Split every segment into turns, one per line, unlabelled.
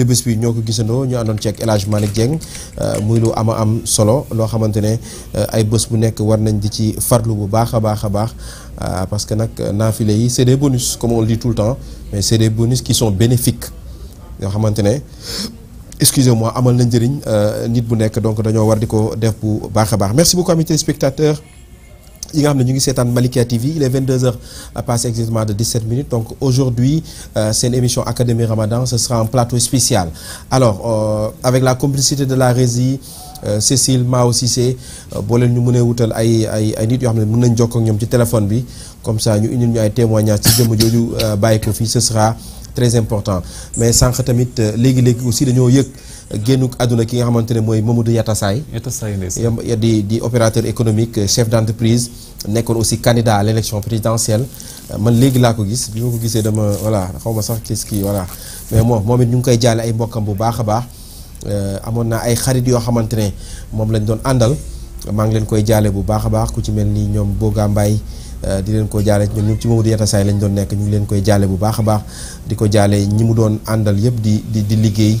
le bus bi ñoko gissano ñu àndoon ci ak Elage Malick Dieng euh, muy lu ama am solo lo xamantene euh, ay bus bu nek war nañ di ci farlu bu baax a baax a euh, parce que nak naafile yi c'est des bonus comme on le dit tout le temps mais c'est des bonus qui sont bénéfiques yoo xamantene excusez-moi amal jëriñ euh nit bu nek donc dañoo war diko def bu baax a baax merci beaucoup amis téléspectateurs yi nga xam ñu ngi Malikia TV il est 22h passé exactement de 17 minutes donc aujourd'hui euh, c'est une émission Académie Ramadan ce sera un plateau spécial alors euh, avec la complicité de la régie euh, Cécile Mao aussi, euh, boo leen ñu mënee wutal ay ay ay nit yoo xam téléphone bi comme ça nous avons ñu ay témoignages ci jëmm jooju euh, ce sera très important mais sànq tamit léegi nous aussi dañoo yëg. génnuk àdduna ki nga xamante ne mooy Mamadou Yatassay di di opérateur économique euh, chef d'entreprise nekkoon aussi candidat à l'élection présidentielle euh, man léegi laa ko gis bi ma ko gisee dama voilà xaw ma sax qu'est-ce qui voilà mais moom moom it ñu ngi koy jaale ay mbokkam bu baax a baax euh, amoon naa ay xarit yoo xamante ne moom lañ doon àndal maa ngi leen koy jaale bu baax a baax ku ci mel nii ñoom Boga Mbaye di leen ko jaale ñoom ñoom ci Mamadou Yatassay lañ doon nekk ñu ngi leen koy jaale bu baax a baax di ko jaale ñi mu doon àndal yëpp di di di liggéey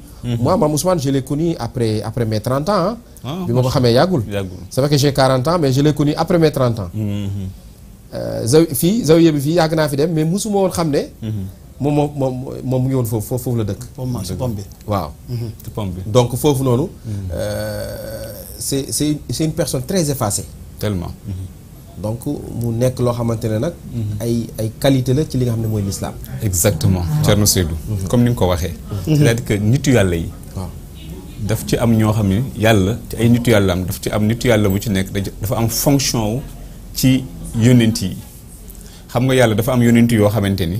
Mhm. Moi, ma je l'ai connu après, après mes 30 ans. Hein. Ah, C'est vrai que j'ai 40 ans, mais je l'ai connu après mes 30 ans. Mhm, mhm. Euh, fii mais je l'ai connu. ngi donc euh, une personne très effacée. tellement. donc mu nekk loo xamante ne nag. Mhm. ay ay qualité la ci li nga xam ne
mooy lislaam exactement Thierno Seydou. Mhm. comme ni nga ko waxee. Mhm. c'est-à-dire que nitu yàlla yi. daf ci am ñoo xam ne yàlla ci ay nitu yàlla am daf ci am nitu yàlla bu ci nekk dafa am fonction wu ci yónent yi xam nga yàlla dafa am yónent yoo xamante ni.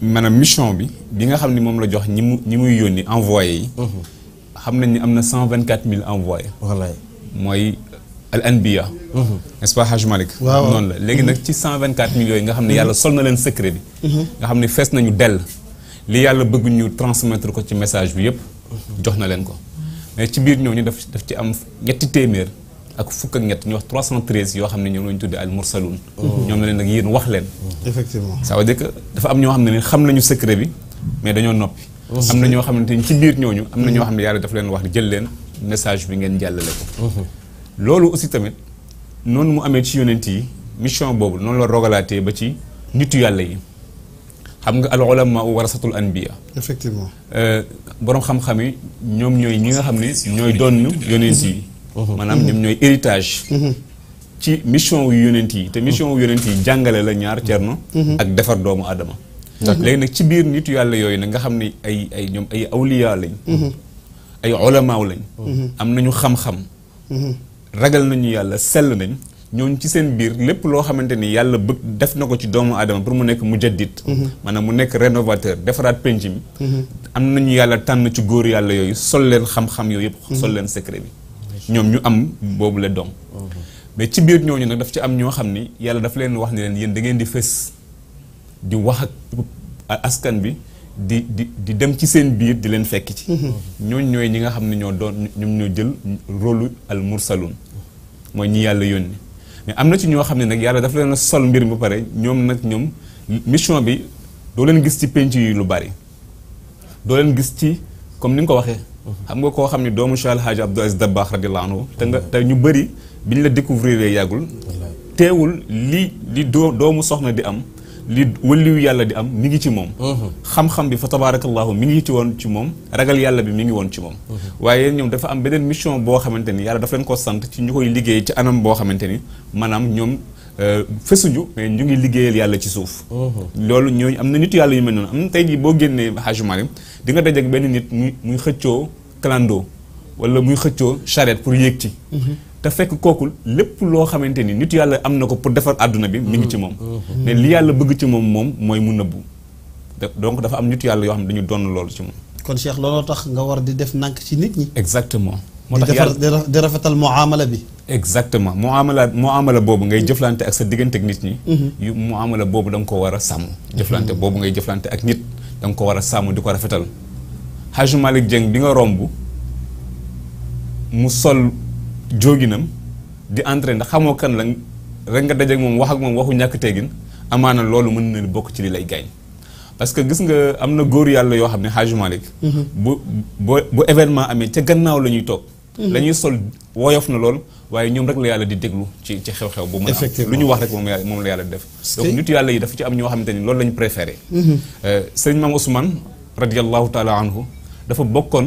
maanaam mission bi bi nga xam ne moom la jox ñi mu ñi muy yónni envoyé yi. xam nañ ni am na cent vingt quatre mille envoyé. mooy. al anbiya n'est-ce pas Haj Malick noonu la léegi nag ci 124 millions yi nga xam ne yàlla sol na leen secret bi nga xam ne fees nañu dell li yàlla bëgg ñu transmettre ko ci message bi yëpp jox na leen ko mais ci biir ñooñu daf daf ci am ñetti téeméer ak fukk ak ñett ñu wax 313 yoo xam ne ñoom la ñu tuddee al mursalun ñoom la leen nag yéen wax leen effectivement ça veut dire que dafa am ñoo xam ne xam nañu secret bi mais dañoo noppi am na ñoo xamante ni ci biir ñooñu am na ñoo xam ne yàlla dafa leen wax jël leen message bi ngeen jàllale ko loolu aussi tamit noonu mu amee ci yonent yi mission boobu noonu la rogalaatee ba ci nitu yàlla yi xam nga al ulama warasatul anbiya effectivement euh, borom xam-xam yi ñoom ñooy ñi nga xam ni ñooy doon yonent yi maanaam ñoom ñooy héritage ci mission wu yonent yi te mission wu yonent yi jàngale la ñaar cerno ak defar doomu aadama léegi nag ci biir nitu yàlla yooyu nag nga xam ne ay ay ñoom ay awliya lañ mhm. ay ulamaaw lañ mhm. am nañu xam-xam mhm. ragal nañu yàlla sell nañ ñooñu ci seen biir lépp loo xamante ni yàlla bëgg def na ko ci doomu aadama pour mu nekk mujjadit mhm. maanaam mu nekk rénovateur defaraat penc mi mhm. am nañu yàlla tànn ci góor yàlla yooyu sol leen xam-xam yooyu yëpp mhm. sol leen secret bi ñoom ñu am boobu la doom oh, mais ci biir ñooñu nag daf ci am ñoo xam ni yàlla daf leen wax ni leen yéen da ngeen di fës di wax ak askan bi di di dem ci seen biir di leen fekk ci. Mhm. ñooñ ñooy ñi nga xam ne ñoo doon ñoom ñoo jël rôlu al mursalun mooy ñi yàlla yónni mais am na ci ñoo xam ne nag yàlla dafa leen sol mbir mu pare ñoom nag ñoom mission bi doo leen gis ci penc yi lu bari. doo leen gis ci comme ni nga ko waxee. Mhm. xam nga koo xam ne doomu Cheikh El Hadj Abdou Aziz Dabakh radiyallahu anhu te nga mhm. te ñu bëri bi ñu la découvrir yàggul. teewul li li doo doomu soxna di am. li wëlliwu yàlla di am mi ngi ci moom mhm. xam-xam bi fa tabarakallahu mi ngi ci woon ci moom ragal yàlla bi mi ngi woon ci moom mhm. waaye ñoom dafa am beneen mission boo xamante ni yàlla dafa ko sant ci ñu koy liggéey ci anam boo xamante ni maanaam ñoom euh, fesuñu mais ñu ngi liggéeyal yàlla ci suuf mhm. loolu ñooñu am na nit yàlla yu mel noonu am na tey jii boo génnee Hajj Maalik di nga daj ak benn nit muy muy xëccoo clando wala muy xëccoo charrette pour yéeg ci te fekk kooku lépp loo xamante ni nit yàlla am na ko pour defar àdduna bi mu ngi ci moom ne mm-hmm. li yàlla bëgg ci moom moom mooy mu nëbbu donc dafa am nit yàlla yoo xam ne dañu doon loolu ci moom kon Cheikh looloo tax nga war di def nànk ci nit ñi exactement moo tax yàlla di rafetal muamala bi exactement muamala muamala boobu ngay jëflante ak sa diggante ak nit ñi mm-hmm. yu muamala boobu danga nga ko war a sàmm jëflante mm-hmm. boobu ngay jëflante ak nit da ko war a sàmm di ko rafetal Hadj Malick Dieng bi nga romb mu sol jóginam di entraîné ndax xamoo kan la rek nga dajeeg moom wax ak moom waxu ñàkk teggin amaana loolu mën na bokk ci li lay gaañ parce que gis nga am na góor yàlla yoo xam ne Hadj mhm. bu bu événement amee ca gannaaw la ñuy toog. Mhm. la ñuy sol woyof na lool waaye ñoom rek la yàlla di déglu ci ci xew-xew. bu mën a am lu ñu wax rek moom la moom la yàlla di def. donc nit yàlla yi dafa ci am ñoo xamante ni loolu la ñu préféré. Mhm. Euh, sëñ Maam Ousmane radiyallahu anhu dafa bokkoon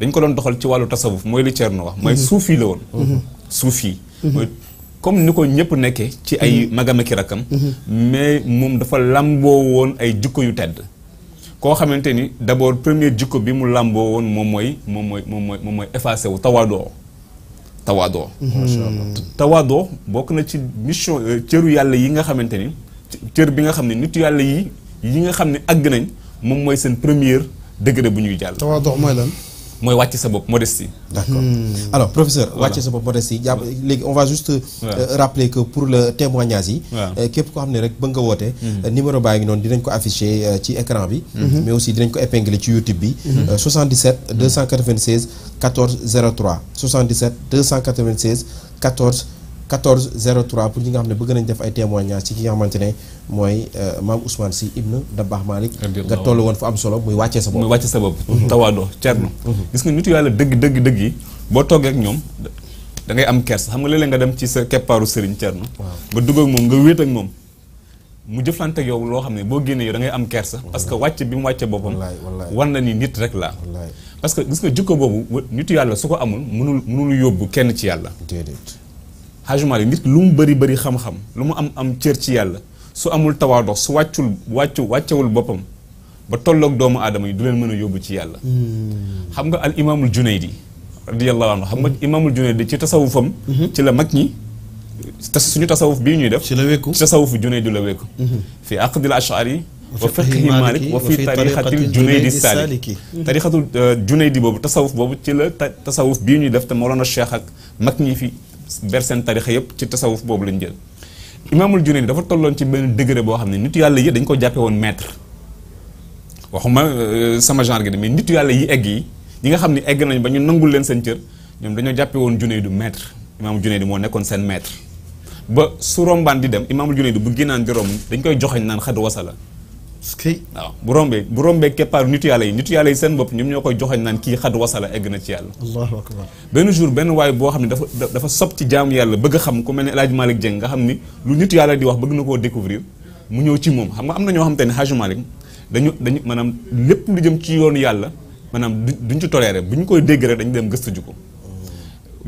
dañ ko doon doxal ci wàllu tasawuf mooy li Thierno wax mooy mhm. suufi la woon mhm. suufi mhm. mooy comme ni ko ñëpp nekkee ci ay magam ak i rakkam mais moom dafa làmboo woon ay jikko yu tedd koo xamante ni d'abord première jikko bi mu làmboo woon moom mooy moom mooy moom moom mooy effacé wu tawaadoo tawaadoo bokk na ci mission euh, cëru yàlla yi nga xamante ni cër bi nga xam ne nit yàlla yi yi nga xam ne àgg nañ moom mooy seen première degré bu ñuy jàll mooy lan Moi, suis sa peu modestie. d'accord hmm. alors professeur. sa bob modestie on va juste.
Euh, rappeler que pour le témoignage yi. Euh, képp koo xam rek hmm. euh, numéro de ngi noonu dinañ ko afficher ci écran bi. Hmm. mais aussi dinañ ko YouTube 77 296 14 03 77 296 14. 14 03 pour ñi nga xam ne bëgg nañ def ay témoignage ci ki nga xamante ne mooy euh, maam Ousmane Sy ibn
Dabakh Malick nga toll woon fa am solo muy wàccee sa bopp muy wàccee sa bopp tawaadoo mhm. dëgg dëgg boo toogee ñoom da ngay am kersa xam nga léeg-léeg nga ci sa keppaaru sëriñ cerno nga dugg ak moom ak moom mu jëflante ak yow loo xam ne boo génnee yow da ngay am kersa parce que wàcce bi mu wàcce boppam war na ni nit rek laa parce que gis nga jikko boobu nitu yàlla su ko amul mënul mënul yóbbu kenn ci yàlla Hadj Malick nit lu mu bari bari bëri xam-xam lu mu am am cër ci yàlla su amul tawaadox su wàccul wàccu wàccewul boppam ba tolloog doomu aadama yi du leen mën a yóbbu ci yàlla xam nga al imaamul junaydi radiyallahu anhu xam nga imaamul junaydi ci tasawufam ci la mag ñi suñu tasawuf bii ñuy def ci la wékku tasawuf junaydi la wékku fi aqdil ashari wa fiqhi malik wa fi tariqatil junaydi saliki tariqatul junaydi boobu tasawuf boobu ci la tasawuf bii ñuy def te moo cheikh ak mag ñi fi ber seen tarixa yëpp ci tasawuf boobu lañ jël imaamul Junayd dafa tolloon ci benn degré boo xam ne nitu yàlla yi dañ ko jàppe woon maître waxuma euh, sama genre gi de nitu yàlla yi egg yi ñi nga xam ne egg nañ ba ñu nangul leen seen cër ñoom dañoo jàppee woon Junayd du maître imaamul Junayd moo nekkoon seen maître ba su rombaan di dem imaamul Junayd bu naan di romb dañ koy joxeñ naan xad wasala waaw bu rombee bu rombee keppaaru nitu yàlla yi nitu yàlla yi seen bopp ñoom ñoo koy joxeñ naan kii xad wasala egg na ci yàlla
allahu akbar
benn jour benn waay boo xam ne dafa dafa sob ci jaamu yàlla bëgg xam ku mel ne El Hadj Malick nga xam ni lu nitu yàlla di wax bëgg na koo découvrir mu ñëw ci moom xam nga am na ñoo xam te ne Hadj Malick dañu dañu lépp lu jëm ci yoonu yàlla maanaam duñ ci toléré bu ñu koy dégg rek dañu dem gëstu ji ko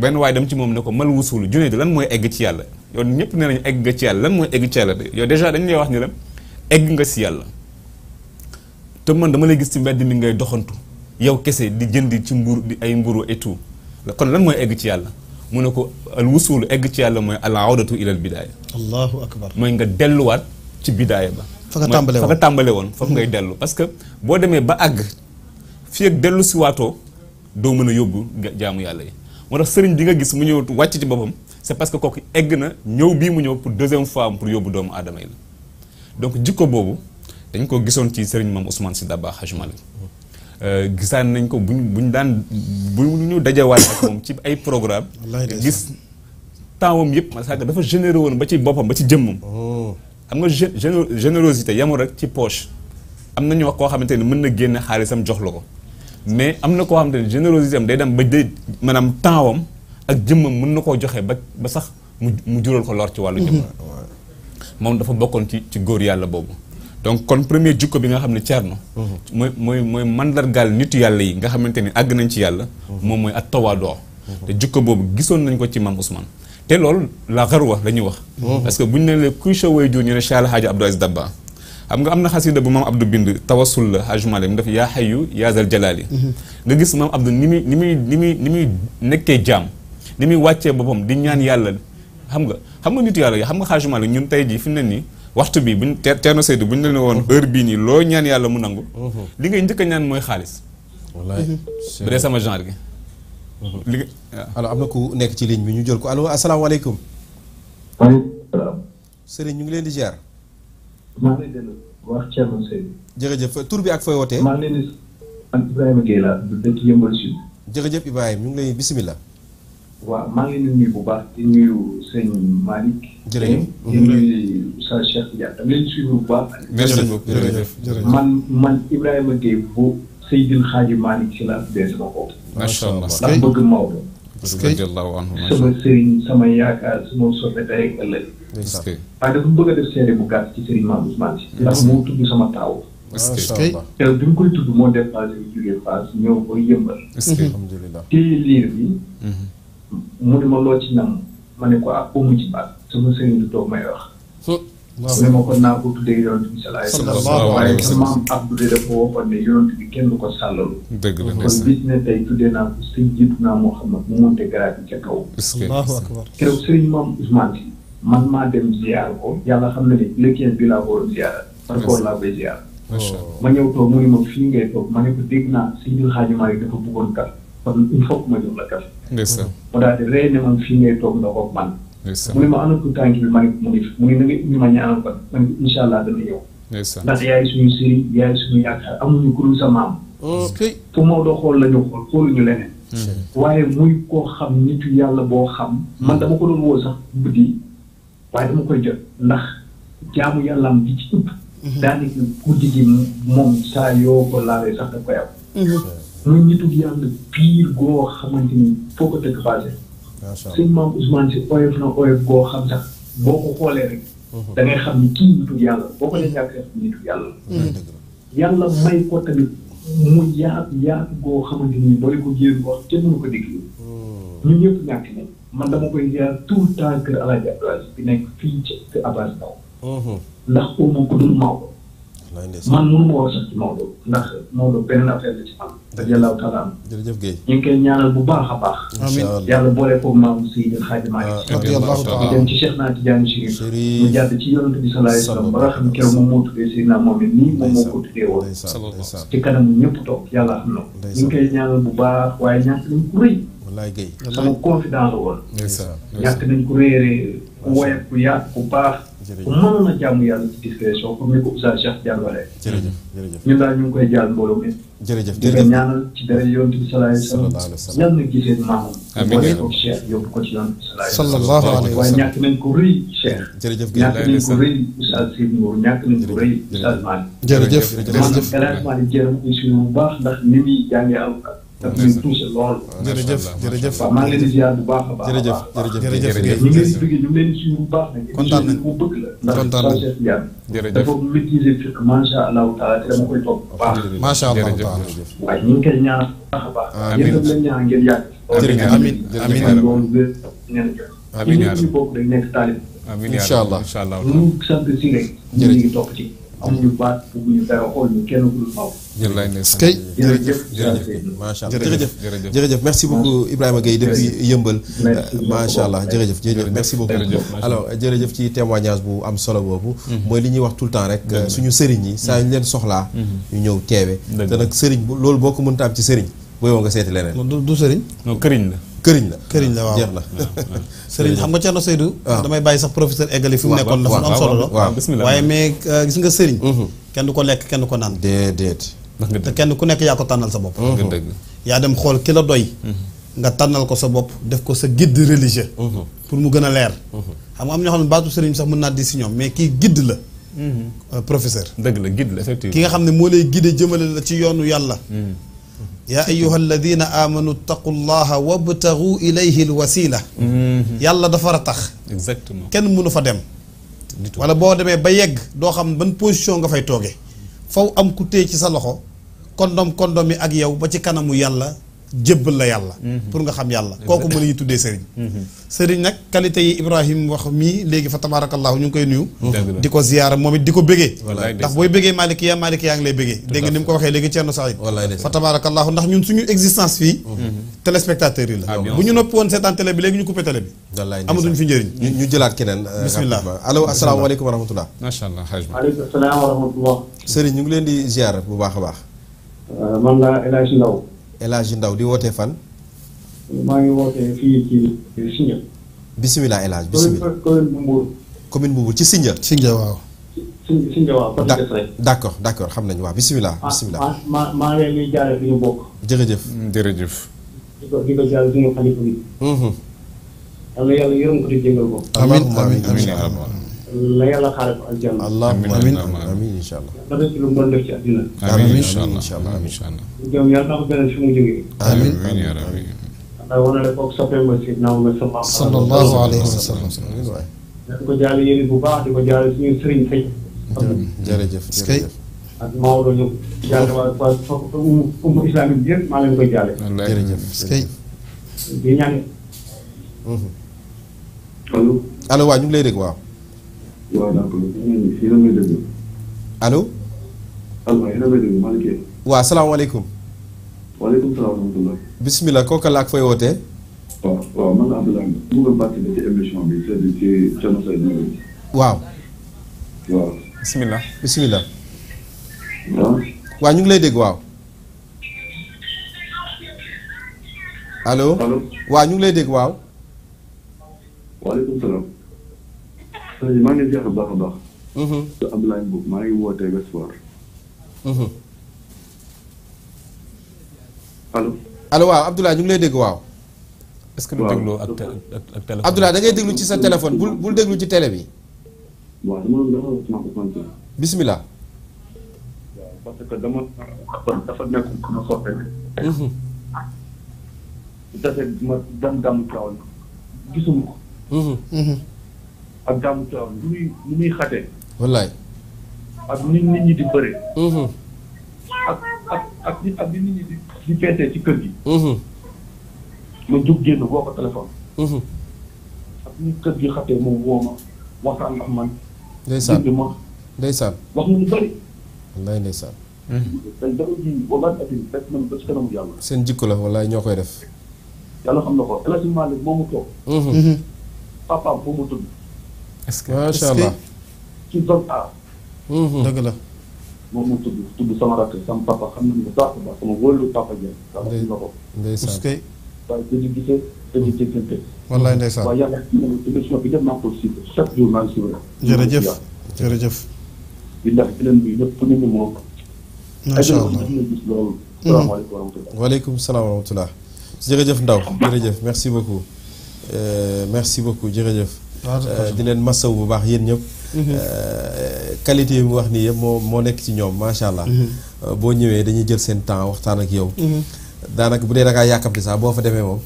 benn waaye dem ci moom ne ko mal wusul junee di lan mooy egg ci yàlla yow ñëpp ne nañu egg nga ci yàlla lan mooy egg ci yàlla yow dèjà dañu lay wax ni la egg nga si yàlla te man dama lay gis ci mbedd mi ngay doxantu yow kese di jëndi ci mburu di ay mburu et tout kon lan mooy egg ci yàlla mu ne ko al wusuulu egg ci yàlla mooy al awdatu ilal bidaaya
allahu akbar
mooy nga delluwaat ci bidaaya ba fa nga tàmbale woon fa nga ngay mhm. dellu parce que boo demee ba àgg fii ak dellu si waatoo doo mën a yóbbu jaamu yàlla yi moo tax sëriñ bi nga gis mu ñëw wàcc ci boppam c'est parce que kooku egg na ñëw bii mu ñëw pour deuxième fois pour yóbbu doomu aadama yi dañ ko gisoon ci sëriñ maam Ousmane si Dabba Hajj gisaan nañ ko bu ñu daan buñ ñu dajawaat ak moom ci ay programme gis tempsam yëpp ma sàgg dafa généreux woon ba ci boppam ba ci jëmmam oh. xam nga générosité yamul rek ci poche am na ñoo koo xamante ne mën na génne xaalisam jox la ko mais am na koo xam ne générosité am day dem ba day maanaam tempsam ak jëmmam mën na koo joxe ba ba sax mu mu jural ko lor ci wàllu jëmm moom dafa bokkoon ci ci góor yàlla boobu donc kon premier jukko bi nga xam ne Thierno. Mhm. mooy mooy mooy mandargaal nitu yàlla yi nga xamante ni àgg nañ ci yàlla. Mhm. moom mooy at tawaadoo. Mhm. te jukko boobu gisoon nañ ko ci maam Ousmane. te loolu la xarwa la ñuy wax. parce que bu ñu nee la kuy sa ñu ne Cheikh El Hadj Abdou Aziz Dabba. xam nga am na xasida bu maam Abdou bind tawasul la Hadj Malick mu def yaa xayu yaa zal nga gis maam Abdou ni muy ni muy ni muy ni muy nekkee jaam. ni muy wàccee boppam di ñaan yàlla xam nga xam nga nitu yàlla yi xam nga Hadj ñun tey jii fi mu ne nii waxtu bi buñ Thierno Seydou buñ la ne woon mhm. heure bii nii loo ñaan yàlla mu nangu. Mhm. li ngay njëkk a ñaan mooy xaalis. wallaay mhm. bu dee sama genre gi.
li nga am na ku nekk ci ligne bi ñu jël ko allo asalaamaaleykum.
maaleykum
salaam. ñu ngi leen di ziar. maa ngi tur bi ak fooy wootee. maa ngi leen di
Ibrahima Gueye laa du ñu ngi lay bisimilah. waaw maa ngi leen nuyu bu baax di nuyu sëñ Malick. jërëjëf di nuyu sa Cheikh Ndiaye tam leen suivre bu baax. jërëjëf man man Ibrahima Gueye bu Seydil Xaaji Malick si la dee sama bopp.
macha allah ndax bëgg Maodo. parce que sama
sëriñ sama yaakaar sama soppe tey ak ëllëg. waaye dafa bëgg a def seede bu gàtt ci sëriñ Maam Ousmane si. ndax moo tudd sama taaw. est-ce que te bi ñu koy tudd moo dépassé bi jógee Fass ñëw ba yëmbal. est-ce que mhm. alhamdulilah téye liir bi. Mhm. mu ne ma loo ci nam ma ne ko ah amu ci baat sama sëriñ du toog may wax. Hmm. waaw ne ma kon naa ko tuddee yonent bi salaay salaam waaye maam Abdoulaye dafa waxoon ne yonent bi kenn du ko bis ne tey tuddee naa ko naa moo xam ne mu monte garaat ca kaw. keroog sëriñ moom Ousmane man maa dem ziar ko yàlla xam na ne lëkkeen bi laa ko waroon ziar par rapport laa koy ziar. ma ñëw toog mu ne ma fii ngay toog ma ne ko dégg naa si bi xaaju maa yi dafa bëggoon kat. kon il faut que ma jox la café. ndeysaan mu daal di rey ne man fii ngay toog ndox ak man. mu ne ma ana tout tànk bi ma ne mu ne na nga indi ma ñaanal ko man incha allah dana ñëw. ndax yaay suñu sëriñ yaay suñu yaakaar amuñu kuréel sa maam. fu Maodo xool la xool xooluñu leneen. Hmm. waaye muy koo xam nitu yàlla boo xam. man dama ko doon woo sax guddi waaye dama koy jot ndax jaamu yàllaam bi ci ëpp. Hmm. daanaka guddi gi moom saa yoo ko laalee sax da koy am. Hmm. muy nitu yàlla biir goo xamante ni foo ko dëkk passé. macha maam Ousmane si oyof na oyof goo xam sax boo ko xoolee rek. Mhm. da ngay xam ni kii nitu yàlla boo ko dee ñàkkee nitu yàlla. Mhm. yàlla may ko tamit mu yaatu yaatu goo xamante ni bari ko jéem wax kenn mënu ko déglu. Mhm. ñun ñëpp ñàkk man dama koy ziar tout le temps kër El Hadj Abdoulaye bi nekk fii ci Abass Ndao ndax au moins ku dul man mënu ma woon sax ci Maodo ndax Maodo beneen affaire la ci am. radiyallahu taala am. jërëjëf Guèye ñu ngi koy ñaanal bu baax a baax. amiin yàlla boole ko maam Seydil Hadji Malick. Ah, radiyallahu taala dem ci Cheikh naa Tidiane Chérif. ñu jàdd ci yonent bi sallallahu alayhi ba nga xam keroog moom moo tuddee Seydina moom it nii moom moo ko tuddee woon. ci kanam ñëpp toog yàlla xam na ko. ñu ngi koy ñaanal bu baax waaye ñàkk nañ ko rëy. sama confident la woon.
ñàkk nañ ko réeree
ku woyof ku yaatu ku baax bu mënoon a jàmm yàlla ci discrétion comme ni ko Oustaz Cheikh jàngalee. jërëjëf jërëjëf ñun daal ñu ngi koy jaal mbooloo mi. jërëjëf jërëjëf di ñaanal ci dara yoon bi salaay salaam. yal na gisee maamam. amiin boole ko Cheikh yóbbu ko ci yoon bi salaay salaam. waaye ñàkk nañ ko rëy Cheikh. jërëjëf ñàkk nañ ko rëy Oustaz Seydou Nour ñàkk nañ ko rëy Oustaz Malick. jërëjëf jërëjëf man El Hadj Malick jërëm suñu bu baax ndax ni muy jàngee alxuraan daf leen touché lool. Ah, jërëjëf jërëjëf waaw maa ngi leen di ziar bu baax a baax. jërëjëf jërëjëf jërëjëf ñu ngi leen di bëgg ñu ngi leen di suñu bu baax.
kontaan nañ bu bëgg la. kontaan nañ jërëjëf dafa maîtriser fiqh
macha allahu taala te dama koy topp bu baax. macha allahu
taala waaye ñu ngi koy
ñaan baax a baax. amiin yéen leen ñaan ngeen yàgg. jërëjëf amiin amiin amiin loolu ngeen amiin yaa ñu bokk dañ nekk taalib. amiin incha allah incha allah ñu sant si rek. ñu ngi topp ci amuñu baat bëgguñu dara xool ñu kenn ku dul maw
kay jërëjëf jërëjëf jërëjëf merci beaucoup Ibrahima Gueye depuis yëmbal macha allah jërëjëf jërëjëf merci beaucoup alors jërëjëf ci témoignage bu am solo boobu mhm. mooy li ñuy wax tout le temps rek suñu sëriñ saa ñu leen soxlaa mhm. ñu ñëw teewe te nag sëriñ loolu boo ko mënta am ci sëriñ booy woo nga seeti leneen du
sëriñ këriñ la këriñ la këriñ la waaw jeex na ah, ah. sëriñ xam nga Thierno Seydou ah. damay bàyyi sax professeur eggali fi mu nekkoon dafa am solo la waaye mais euh, gis nga sëriñ mhm. kenn ko lekk kenn ko naan déedéet te kenn ku nekk yaa ko tànnal sa bopp yaa dem xool ki la doy mhm. nga tànnal ko sa bopp def ko sa gidd religieux mhm. pour mu gën a leer mhm. xam nga am ñoo xam ne baatu sëriñ sax mën naa di si ñoom mais kii gidd la euh, professeur dëgg la guide la ki nga xam ne moo lay guide jëmale la ci yoonu yàlla yaa ayuha alladina amanu taqu llaha wabtagu ilayhi alwasila yàlla dafa ratax exactement kenn mënu fa dem wala boo demee ba yegg doo xam ban position nga fay toogee faw am ku téye ci sa loxo kondom kondom yi ak yow ba ci kanamu yàlla jébbal la yàlla mhm. pour nga xam yàlla kooku mën nañu tuddee sëriñ mhm. sëriñ nag qualité yi Ibrahim wax mii léegi fa tabaarakallaahu ñu ngi koy nuyu mhm. di ko ziyaara moom it di ko bégee ndax booy bégee maalikiya maalikiya ngi lay bégee dégg nga ni mu ko waxee léegi Thierno Saïd fa tabaarakallaahu ndax ñun suñu existence fii téléspectateurs yi la ah, bu ñu noppi woon seetaan télé bi léegi ñu coupé télé bi amatuñ fi njëriñ ñu jëlaat keneen euh, bismillah allo asalaamaaleykum wa rahmatullah
macha allah aleykum salaam wa
rahmatullah sëriñ ñu ngi
leen di ziyaara bu baax a baax euh, man la El El Hadji Ndaw di wootee fan. maa ngi wootee fii ci Sindia. bisimilah El Hadji commune bu Mbour. ci Sindia. Sindia waaw. Sindia waaw. d' accord xam nañu waaw bisimilah. bisimilah
ah maa leen di jaaree fi ñu bokk.
jërëjëf. Mm, jërëjëf.
di ko di ko jaaree suñu xalifa bi. Mm-hmm. yàlla yàlla yërëm la yàlla xaaral ko aljanna. amiin amiin amiin incha allah. dara ci lu mu doon def ci àddina.
amiin incha allah amiin incha allah.
ñoom yàlla na ko gënal fi mu jógee.
amiin amiin amiin.
ndax wane na kooku soppeeku si naaw nga sama. sallallahu alayhi wa sallam. dañ ko jaale yéen bu baax di ko jaale suñu sëriñ Seydou.
jërëjëf jërëjëf.
ak Maodo
ñëw jaale waa waa um, umma islamique bi yëpp maa leen koy jaale. jërëjëf di ñaan. allo. allo waa ñu ngi
lay dégg waaw. waaw d'accord fii la may déglu. allo.
allo yéen a may déglu
waaw salaamaaleykum.
waaleykum salaam wa rahmatulah.
bisimilah kooka la ak fooy wootee.
waaw man la Abdoulaye. mu waaw. waaw. bisimilah
waaw. ñu ngi lay dégg waaw.
allo. waaw ñu ngi lay dégg waaw. waaleykum salaam. maa ngi a baax. te Abdoulaye Mbow maa ngi
mm-hmm.
waaw Abdoulaye ñu ngi
dégg waaw. est que du déglu ak ak téléphone. Abdoulaye da déglu ci sa téléphone bul bul déglu ci télé bi.
waaw ko. Mm-hmm. Mm-hmm. ak Dame Thiaw lu muy lu muy xate wallaay ak nit nit ñi di bëre mhm. ak ak ak ak nit ñi di di ci kër gi mhm. ma jóg génn woo ko téléphone mhm. ak ni kër gi xatee moom woo ma waxtaan ak man ndeysaan ndeysaan wax na lu bëri
wallaay ndeysaan seen jikko la wallaay ñoo koy def
yàlla xam na ko El Hadj Malick toog papaam foo mu tudd
est-ce que macha allah ci doom aar. dëgg la. moom moo tudd
tudd sama rakk sama papa xam nañu bu baax a baax sama wóolu papa Dieng. ndey
ndeysaan parce que.
waaye dañuy gisee dañuy déggante. wallaay ndeysaan waaye yàlla émission bi def naa ko si chaque jour maa ngi suivre.
jërëjëf jërëjëf.
billahi beneen bi ñëpp nit ñi moom. macha allah ay gis loolu. Mhm. salaamaaleykum wa rahmatulah.
waaleykum salaam wa rahmatulah. jërëjëf Ndaw jërëjëf merci beaucoup euh, merci beaucoup jërëjëf. Euh, di leen wu bu baax yéen ñëpp. Mhm. Euh, qualité yi mu wax nii yëpp moo moo nekk ci ñoom macha allah. Mhm. Euh, boo ñëwee dañuy jël seen temps waxtaan ak yow. Mhm. daanaka bu dee da ngaa yàkkamti sax boo fa demee moom.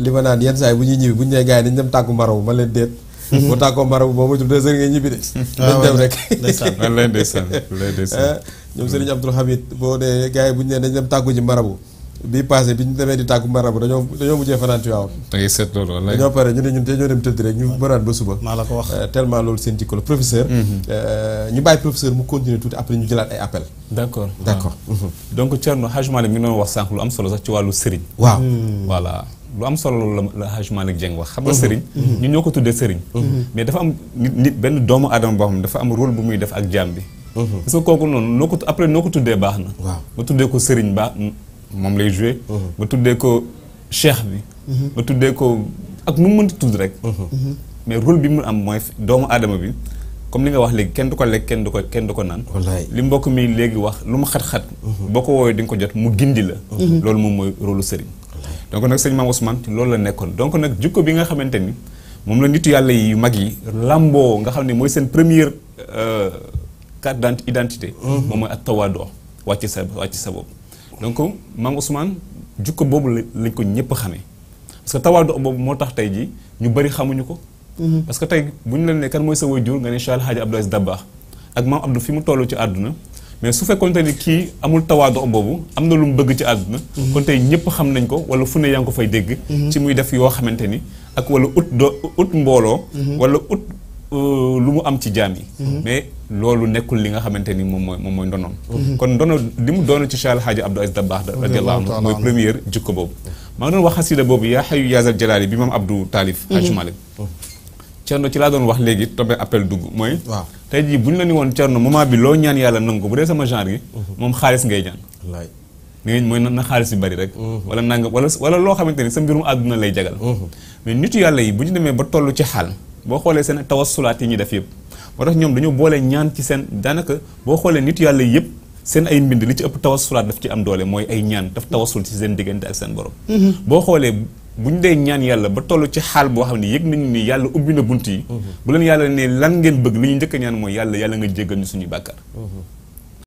li ma naan yenn saa yi bu ñuy ñibbi bu ñu nee gars yi dañu dem tàggu maraw ma leen déet. boo tàggoo maraw boo moytuwul deux heures ngay ñibbi de.
waaw ah, dem rek. ndeysaan wallay
ndeysaan
boo dee gars yi bu ñu nee dañu dem tàggu ji marabu. bii passé bi ñu demee di tàggu marabu dañoo dañoo mujjee fanaan Tiwaawan.
da ngay seet loolu wala. dañoo pare
ñu ne ñun dañoo dem tëdd rek ñu baraan ba
suba. maa la ko wax euh, tellement loolu seen jikko la professeur. Mhm. Euh, ñu bàyyi professeur mu continuer tuuti après ñu jëlaat ay appel d' accord d' accord. Mhm. donc Thierno Hadj hmm. xam nga mhm. sëriñ ñun ñoo ko tuddee sëriñ mais dafa am nit nit benn doomu aadama boo xam ne dafa am rôle bu muy def ak jaam bi parce kooku noonu noo ko après noo ko tuddee baax na nga tuddee ko sëriñ baax moom lay joué. ma mhm. tuddee ko cheikh bi. ma mhm. tuddee ko ak nu mu mënti tudd rek. Mhm. mais role bi mu am mooy doomu aadama bi comme li nga wax léegi kenn du ko lekk kenn du ko kenn du ko naan. li mbokk mi léegi wax lu mu xat-xat. boo ko woowee di nga ko jot mu gindi la. loolu moom mooy rôle sëriñ. donc nag sëñ Maam Ousmane ci loolu la nekkoon donc nag jikko bi nga xamante ni moom la nitu yàlla yu mag yi làmboo nga xam ne mooy seen première euh, carte identité moom mooy ak tawaadoo wàcc sa wàcc sa bopp. donc maam Ousmane jukko boobu lañ ko ñëpp xamee parce que tawaadu boobu moo tax tey ji ñu bari xamuñu ko. Mhm. parce que tey bu ñu la nee kan mooy sa waajur nga ne Cheikh Alhaji Abdoulaye Dabakh ak maam Abdou fi mu toll ci àdduna. mais su fekkoon ni kii amul tawaadu boobu am na lu mu bëgg ci àdduna. Mhm. kon tey ñëpp xam nañ ko wala fu ne yaa ngi ko fay dégg. Mhm. ci muy def yoo xamante ni ak wala ut do ut mbooloo. wala ut Euh, lu mu am ci jaam yi mhm. mais loolu nekkul li nga xamante ni moom mooy moom mooy ndonoom mhm. kon ndono li mu doon ci Cheikh Alhaaji Abdou Aziz Dabakh radiyallahu anhu mooy première jikko boobu maa ngi doon wax xasida boobu yaa xayu yaasal jalaali bi maam Abdou Taalif mhm. Hajji Malik oh. Cerno ci laa doon wax léegi tombé appel dugg mooy tey jii bu ñu la ni woon Cerno moment bi loo ñaan yàlla nangu ko bu dee sama genre gi moom xaalis ngay ñaan mooy na xaalis bi bari rek boo xoolee seen tawassulaat yi ñuy def yëpp moo tax ñoom dañoo boole ñaan ci seen daanaka boo xoolee nit yàlla yëpp seen ay mbind li ci ëpp tawassulaat def ci am doole mooy ay ñaan daf tawassul ci seen diggante ak seen borom mm-hmm. boo xoolee bu ñu dee ñaan yàlla ba toll ci xaal boo xam ne yëg nañu ni yàlla ubbi na bunt yi mm-hmm. bu leen yàlla ne lan ngeen bëgg li ñu njëkk ñaan mooy yàlla yàlla nga jéggal ñu suñuy bàkkaar
mm-hmm.